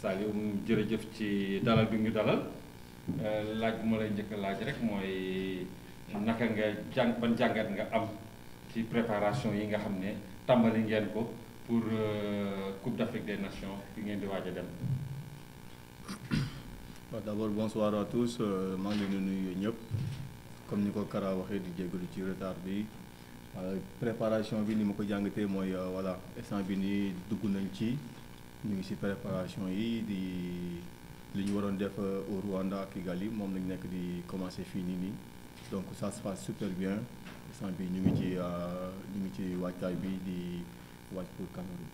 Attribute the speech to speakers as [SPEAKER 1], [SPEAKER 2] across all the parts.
[SPEAKER 1] Saliou jërëjëf ci dalal bi ñu dalal euh, laaj bu ma lay njëkk laaj rek mooy naka nga jàng ban jàngat nga am ci préparation yi nga xam ne tàmbali ngeen ko pour euh, Coupe d'Afrique des Nations bi ngeen di waaj a dem.
[SPEAKER 2] waaw d'abord bonsoir à tous euh, maa ngi leen ñëpp comme ni ko Kara waxee di jégalu ci retard bi. préparation bi ni ma ko jàngatee mooy voilà instant bi nii dugg nañ ci ñu ngi si préparation yi di li ñu waroon def euh, au Rwanda Kigali moom lañu nekk di commencé fii nii nii donc ça se passe super bien sant bi ñu ngi ci euh, ñu ngi ci waajtaay bi di waaj pour Cameroun.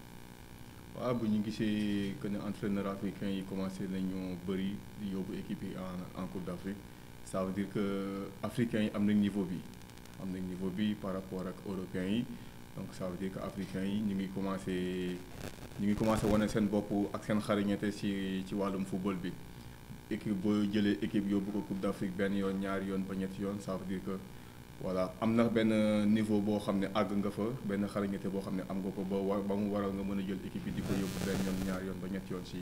[SPEAKER 2] waaw bu ñu ngi gisee que ne entraîneur africain yi commencé nañu bëri di yóbbu équipe yi en en Coupe d'Afrique ça veut dire que africain yi am nañ niveau bi am nañ niveau bi par rapport ak européens yi donc ça veut dire que africain yi ñu ngi commencé ñu ngi commencé wane seen bopp ak seen xarañte ci ci wàllum football bi équipe boo jëlee équipe yóbbu ko Coupe d'Afrique benn yoon ñaari yoon ba ñetti yoon ça veut dire que voilà am na benn niveau boo xam ne àgg nga fa benn xarañte boo xam ne am nga ko ba ba mu waral nga mën a jël équipe bi di ko yóbbu benn yoon ñaari yoon ba ñetti yoon ci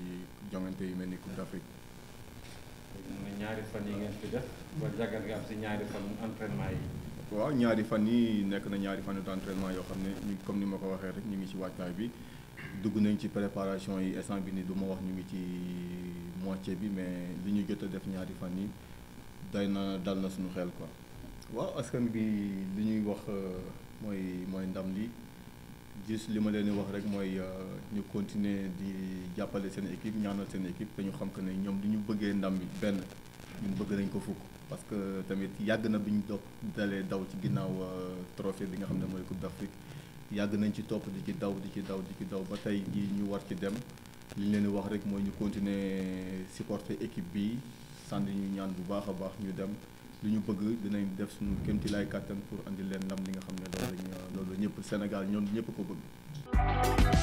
[SPEAKER 2] jongante yu mel ni Coupe
[SPEAKER 1] d'Afrique. ñaari fan yi ngeen fi def ba jàggat nga am si ñaari fan entraînement yi.
[SPEAKER 2] waaw ñaari fan yi nekk na ñaari fan d'entraînement yoo xam ne ñu comme ni ma ko waxee rek ñu ngi ci waajtaay bi. dugg nañ ci préparation yi instant bi nii du ma wax ñu ngi ci moitié bi mais li ñu jot a def ñaari fan yi day na dal na suñu xel quoi waaw askan bi li ñuy wax euh, mooy mooy ndam li gis li ma leen di wax rek mooy euh, ñu continuer di jàppale seen équipe ñaanal seen équipe te ñu xam que ne ñoom li ñu bëggee ndam bi benn ñun bëgg nañ ko fukk parce que tamit yàgg na bi ñu doog dalee daw ci ginnaaw euh, trophée bi nga xam ne mooy Coupe d'Afrique yàgg nañ ci topp di ci daw di ci daw di ci daw ba tey jii ñu war ci dem li ñu leen di wax rek mooy ñu continuer supporter équipe bi sànni ñu ñaan bu baax a baax ñu dem lu ñu bëgg dinañ def suñu kémti laay kàttan pour indi leen ndam li nga xam ne loolu ñu loolu ñëpp Sénégal ñoom ñëpp ko bëgg